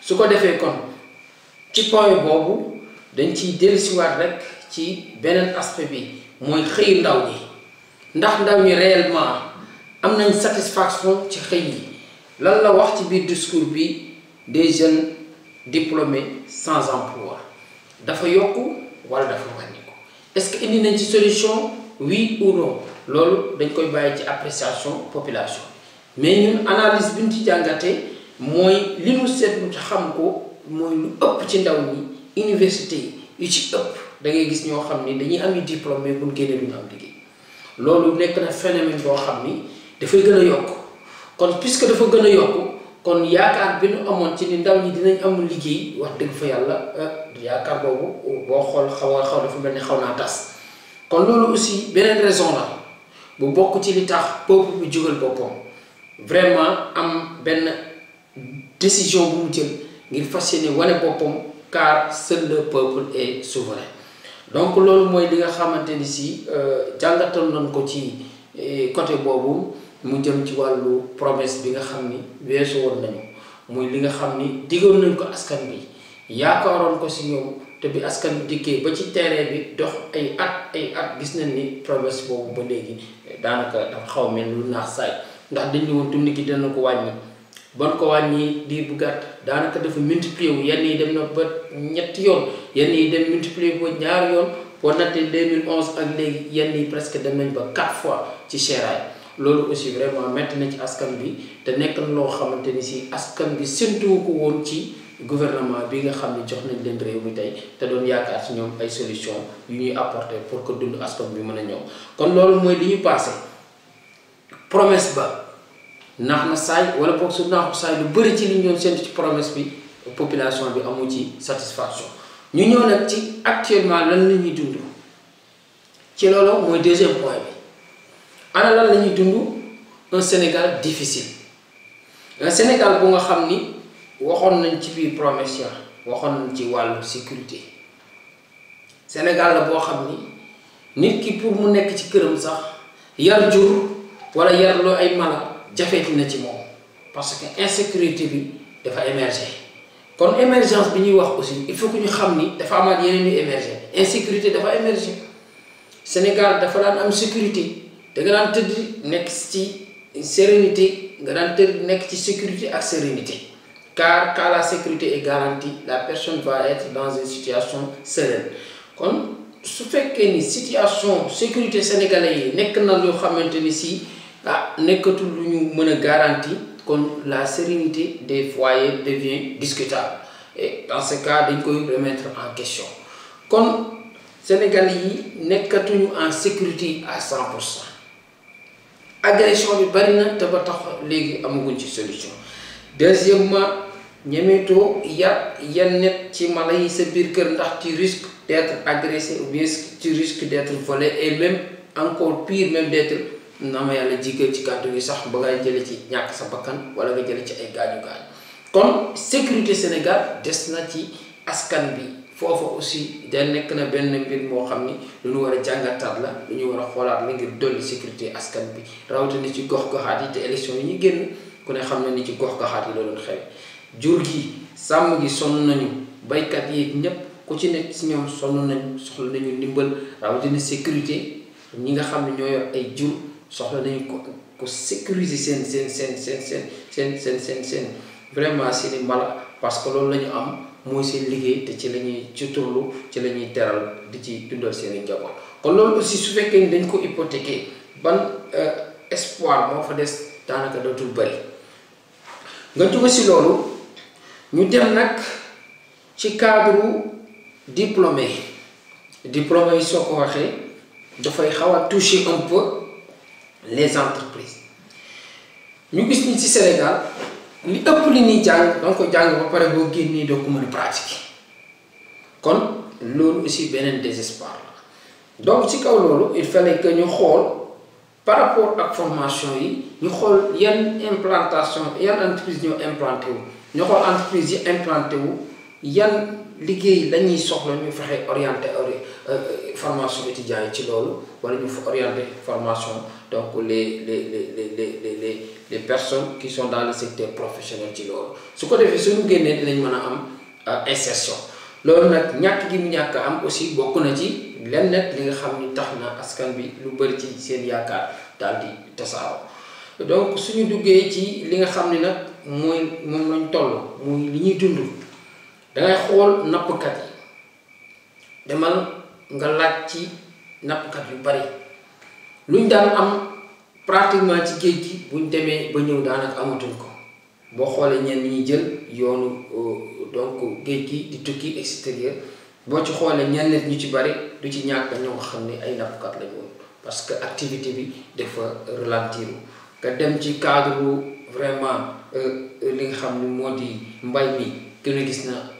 su ko defee kon ci point boobu dañ ci dellusiwaat rek ci beneen aspect bi mooy xëyu ndaw ñi ndax ndaw ñi réellement am nañ satisfaction ci xëy yi lan la wax ci biir discours bi des jeunes diplômés sans emploi dafa yokk wala dafa wàññiku est-ce que indi nañ ci solution oui ou non loolu dañ koy bàyyi ci appréciation population mais ñun analyse bi ñu ci jàngatee mooy li ñu seetlu xam ko mooy lu ëpp ci ndaw ñi université yu ci ëpp da ngay gis ñoo xam ni dañuy am diplôme mais bu génnee lu ñu am liggéey loolu nekk na phénomène boo xam ni dafay gën a yokk kon puisque dafa gën a kon yaakaar bi nu ci ni ndaw dinañ am liggéey wax dëgg fa yàlla ah, yaakaar boobu boo a xaw dafa mel ni kon loolu aussi beneen raison la bu bokk ci li tax peuple vraiment am benn décision bu mu jël ngir fas yéene car seul le peuple est souverain donc loolu mooy li nga xamante si euh, jàngatal nañ ko ci eh, côté mu jëm ci walu promesse bi nga xamni wéssu won nañu muy li nga xamni ni nañ ko askan bi yaakaaroon ko ci ñoom te bi askan bi dikke ba ci terrain bi dox ay at ay at gis nañ ni promesse boobu ba legi danaka dafa xaw mel lu nax say ndax dañ ne woon dund gi dañ ko wàññi bon ko wañi di bu gat danaka dafa multiplier wu yenn yi dem na ba ñett yoon yenn yi dem multiplier bo ñaar yoon boo nattee 2011 ak legi yenn yi presque dem nañ ba 4 fois ci cheray loolu aussi vraiment métti na ci askan bi te nekk loo xamante ni si askan bi séntu ko woon ci gouvernement bi nga xam ne jox nañ leen réew mi tey te doon yaakaar ci ñoom ay solution yu ñuy apporter pour ko dund askan bi mën a ñëw kon loolu mooy li ñu passé promesse ba naax na saay wala boog su naaxu saay lu bëri ci li ñu doon ci promesse bi population bi amu ci satisfaction ñu ñëw nag ci actuellement lan la ñuy dund ci loolu mooy ana lan lañuy ñuy dund un Sénégal difficile un Sénégal bu nga xam ni waxoon nañ ci biir promesse waxoon nañ ci wàllu sécurité Sénégal la boo xam ni nit ki pour mu nekk ci këram sax yar jur wala yar loo ay mala jafeeti na ci moom parce que insécurité bi dafa émerger kon émergence bi ñuy wax aussi il faut que ñu xam ni dafa amaat yeneen yu émerger insécurité dafa émerger Sénégal dafa daan am sécurité de garantir une sérénité garantir sécurité à sérénité car quand la sécurité est garantie la personne va être dans une situation sereine kon su que ni situation sécurité sénégalaise n'est nekk na ah, garantie que la sérénité des foyers devient discutable et dans ce cas dañ le remettre en question kon sénégalais yi nekkatuñu en sécurité à 100 agression bi bari na te ba tax léegi amaguñ ci solution deuxièmement ñemeetoo ya yan net ci mala yi sa biir kër ndax tu risques d'être agressé ou ci tu risques d'être volé et même encore pire même d'être na ma yàlla jigéen ci kàddu gi sax ba ngay jële ci ñàkk sa bakkan wala nga jële ci ay gaañu gaañu kon sécurité Sénégal des na ci askan bi foofa aussi da nekk na benn mbir moo xam ni lu ñu war a jàngataat la lu ñu war a xoolaat la ngir dolli sécurité askan bi rawatina ci gox goxaat yi te élection yi ñu génn ku ne xam na ni ci gox goxaat yi la doon xew jur gi sàmm gi sonn nañu baykat yi ñépp ku ci nekk si ñoom sonn nañu soxla nañu ndimbal rawatina sécurité ñi nga xam ne ñoo yor ay jur soxla nañu ko ko sécuriser seen seen seen seen seen seen seen vraiment seeni mala parce que loolu la ñu am mooy seen liggéey te ci la ñuy ci turlu ci la ñuy teral di ci dundal seen i njaboot kon loolu aussi su fekkee ni dañ ko hypothéquer ban euh, espoir moo fa des daanaka dootul bëri nga jóge si loolu ñu dem nag ci cadre diplômé diplômé yi soo ko waxee dafay xaw a toucher un peu les entreprises ñu gis ni ci Sénégal li ëpp li ñuy jàng danga ko jàng ba pare boo génnee doo ko kon loolu aussi beneen désespoir la donc ci kaw loolu il fallait que ñu xool par rapport ak formation yi ñu xool yan implantation yan entreprise ñoo implanté wu ñu xool entreprise yi implanté wu yan liggéey lañuy soxla ñu fexe orienté euh, euh, formation étudiants yi ci loolu wala ñu fa orienté formation donc les les les les les les personnes qui sont dans le secteur professionnel ci loolu su ko defee suñu génnee lañ mën a am euh, insertion loolu nag ñàkk gi mu ñàkk am aussi bokk na ci lenn li nga xam ni tax na askan bi lu bëri ci seen yaakaar daal di tasaaroo donc suñu duggee ci li nga xam ni nag mooy moom lañ toll muy li ñuy dund. dangay xool nappkat yi demal nga laaj ci nappkat yu bari luñ daan am pratiquement ci géej gi buñ demee ba ñëw daan daanaka amatuñ ko boo xoolee ñenn ñi jël yoonu euh, donc géej gi di tukki extérieur boo ci xoolee ñenn ñu ci bari du ci ñàkk ñoo nga xam ne ay nappkat lañu woon parce que activité bi dafa ralentir nga dem ci cadre vraiment euh, euh, li nga xam ne moo di mbay mi gën gis na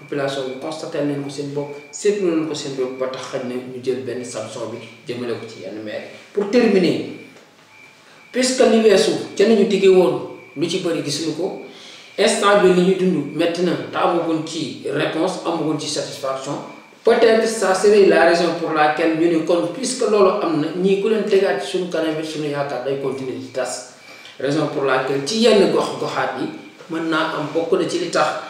population bi constaté nañ ko seen bopp seetlu nañ ko seen bopp ba tax jël benn sanction bi jëmale ko ci yenn maire pour terminer puisque li weesu ca nañu diggee woon lu ci bëri gisuñu ko instant bi li ñu dund métti na te amaguñ ci réponse amaguñ ci satisfaction peut-être ça serait la raison pour laquelle ñu ne kon puisque loolu am na ñii ku leen tegaat suñu kanam suñu yaakaar day continuer di tas raison pour laquelle ci yenn gox goxaat yi mën naa am bokk na ci li tax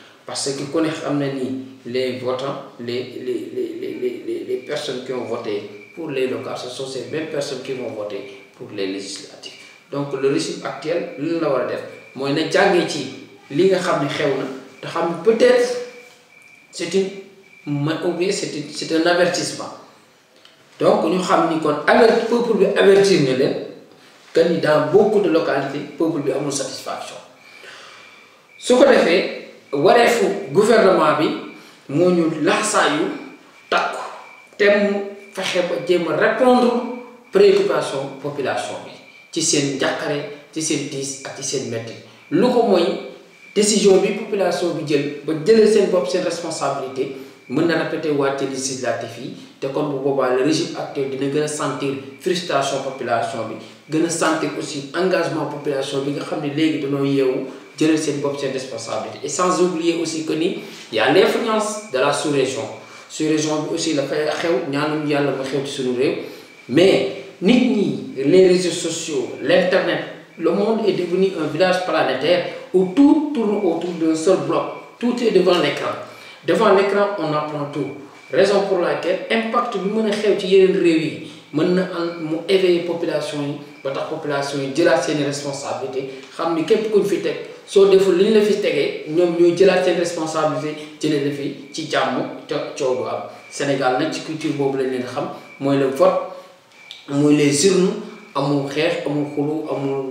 Parce que connaît les votants, les, les, les, les, personnes qui ont voté pour les locales, ce sont ces mêmes personnes qui vont voter pour les législatives. Donc le régime actuel, nous l'avons fait. Moi, je suis en peut-être c'est une ou bien c'est un avertissement. Donc nous savons que le peuple avertir que dans beaucoup de localités, le peuple a une satisfaction. Ce qu'on a fait, Wale fou gouvernement bi, moun yon laksayou, takou, tem mou fachepo, tem mou repondou preekupasyon popilasyon bi. Tisen diakare, tisen dis, atisen metri. Loukou moun, desijyon bi, popilasyon bi djen, moun djen desen bop sen responsabilite, moun nan apete wate disiz la defi. te comme le régime actuel dina la frustration sentir frustration population bi gën a sentir aussi engagement population bi nga Il ne léegi dañoo yeewu jëlal seen bopp seen responsabilité et sans oublier aussi que ni y a l'influence de la sous-région sous-région bi aussi la xew a yàlla ma xew ci suñu mais nit ñi les réseaux sociaux l'internet le monde est devenu un village planétaire où tout tourne autour d'un seul bloc tout est devant l'écran devant l'écran on apprend tout raison pour laquelle impact bi mën a xew ci yeneen réew yi mën na am mu éveiller population yi ba tax population yi jëlaat seeni responsabilité xam ni képp kuñ fi teg soo deful li ñu la fi tegee ñoom ñooy jëlaat seen responsabilité jëlee la fi ci jàmm te coow du am Sénégal nag ci culture boobu lañ leen xam mooy le vote mooy les urnes amul xeex amul xulu amul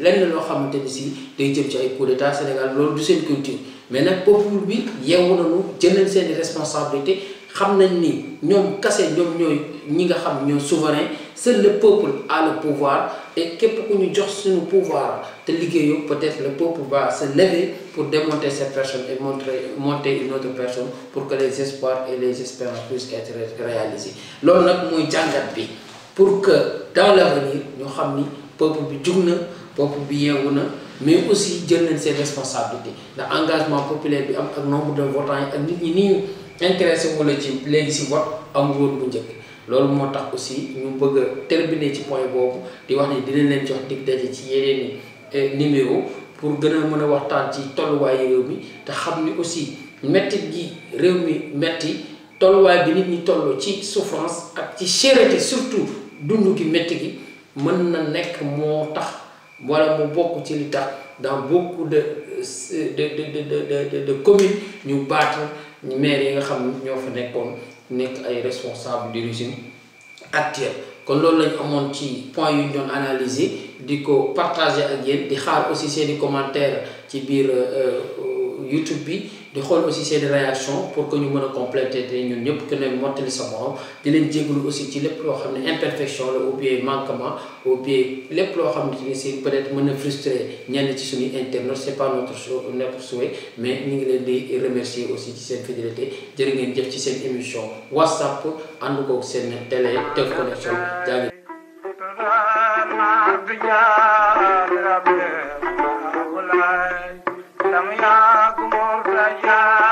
lenn loo xamante ni si day jëm ci ay coup d'état Sénégal loolu du seen culture mais nag peuple bi yeewu nañu jël seen i responsabilité nous savons ni nous le peuple a le pouvoir et que pour nous jox suñu pouvoir te peut-être le peuple va se lever pour démonter cette personne et montrer monter une autre personne pour que les espoirs et les espérances puissent être réalisés loolu nous mooy jàngat bi pour que dans l'avenir nous que le peuple bi peuple bi mais aussi jël nañ seen responsabilité L'engagement populaire le nombre de votants nous, ak intéressé wu la ci léegi si vote amul woon bu njëkk loolu moo tax aussi ñu bëgg a terminer ci point boobu di wax ni dinañ leen jox dig daje ci yeneen i eh, pour gën a mën a waxtaan ci tolluwaayu réew mi te xam ni aussi métti gi réew mi métti tolluwaay bi nit ñi toll ci souffrance ak ci cherté surtout dund gi métti gi mën na nekk moo tax wala mu bokk ci li tax dans beaucoup de euh, de de de de de ñu battre. maire yi nga xam ne ñoo fa nekkoon nekk ay responsable du régime actuel kon loolu lañ amoon ci point yu ñu doon analyser di ko partager ak yéen di xaar aussi seeni commentaire ci biir euh, euh, YouTube bi de xool aussi ces réaction pour que nous mën a compléter te ñun ñëpp ku ne mottali sa morom di leen jégalu aussi ci lépp loo xam imperfection ou bien manquement ou bien les loo xam peut-être mën na frustré ñenn ci suñuy internautes c'est pas notre notre souhait mais nous ngi leen di remercier aussi ci cette fidélité de ngeen jëf ci cette émission WhatsApp ànd nous seen télé Teuf Connection Yeah.